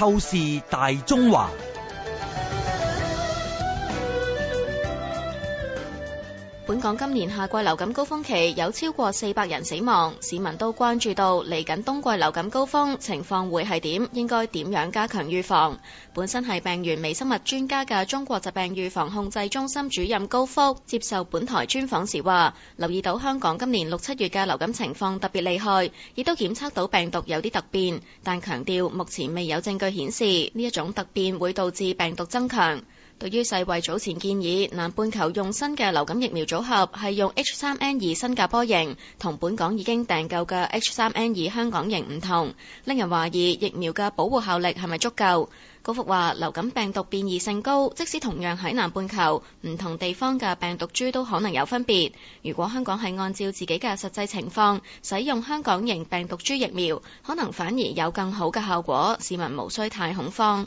透視大中華。本港今年夏季流感高峰期有超過四百人死亡，市民都關注到嚟緊冬季流感高峰情況會係點，應該點樣加強預防。本身係病原微生物專家嘅中國疾病預防控制中心主任高福接受本台專訪時話：留意到香港今年六七月嘅流感情況特別厲害，亦都檢測到病毒有啲突變，但強調目前未有證據顯示呢一種突變會導致病毒增強。對於世衛早前建議南半球用新嘅流感疫苗組合係用 H3N2 新加坡型，同本港已經訂購嘅 H3N2 香港型唔同，令人懷疑疫苗嘅保護效力係咪足夠？高福話流感病毒變異性高，即使同樣喺南半球，唔同地方嘅病毒株都可能有分別。如果香港係按照自己嘅實際情況使用香港型病毒株疫苗，可能反而有更好嘅效果，市民無需太恐慌。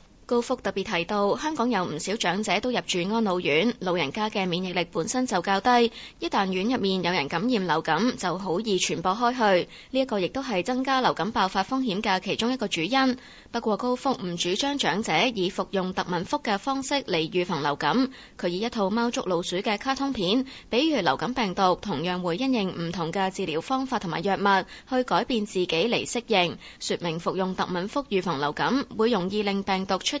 高福特別提到，香港有唔少長者都入住安老院，老人家嘅免疫力本身就較低，一旦院入面有人感染流感，就好易傳播開去。呢一個亦都係增加流感爆發風險嘅其中一個主因。不過高福唔主張長者以服用特敏福嘅方式嚟預防流感。佢以一套貓捉老鼠嘅卡通片，比如流感病毒同樣會因應唔同嘅治療方法同埋藥物去改變自己嚟適應，説明服用特敏福預防流感會容易令病毒出。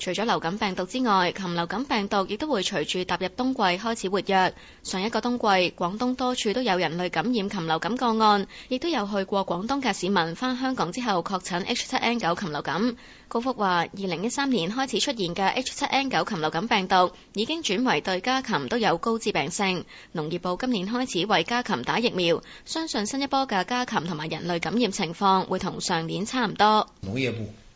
除咗流感病毒之外，禽流感病毒亦都會隨住踏入冬季開始活躍。上一個冬季，廣東多處都有人類感染禽流感個案，亦都有去過廣東嘅市民返香港之後確診 H7N9 禽流感。高福話：2013年開始出現嘅 H7N9 禽流感病毒已經轉為對家禽都有高致病性。農業部今年開始為家禽打疫苗，相信新一波嘅家禽同埋人類感染情況會同上年差唔多。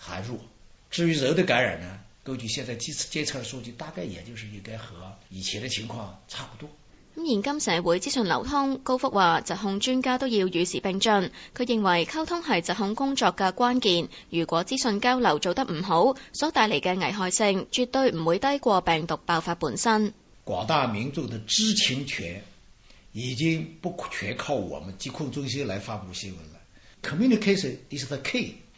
還弱。至於人的感染呢？根據現在幾次監測的數據，大概也就是應該和以前的情況差不多。咁，現今社會資訊流通，高福話，疾控專家都要與時並進。佢認為溝通係疾控工作嘅關鍵。如果資訊交流做得唔好，所帶嚟嘅危害性絕對唔會低過病毒爆發本身。廣大民眾的知情權已經不全靠我們疾控中心來發布新聞了。Communication is the key.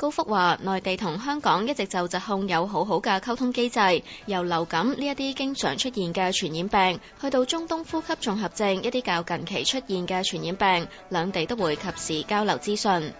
高福話：內地同香港一直就疾控有好好嘅溝通機制，由流感呢一啲經常出現嘅傳染病，去到中東呼吸綜合症，一啲較近期出現嘅傳染病，兩地都會及時交流資訊。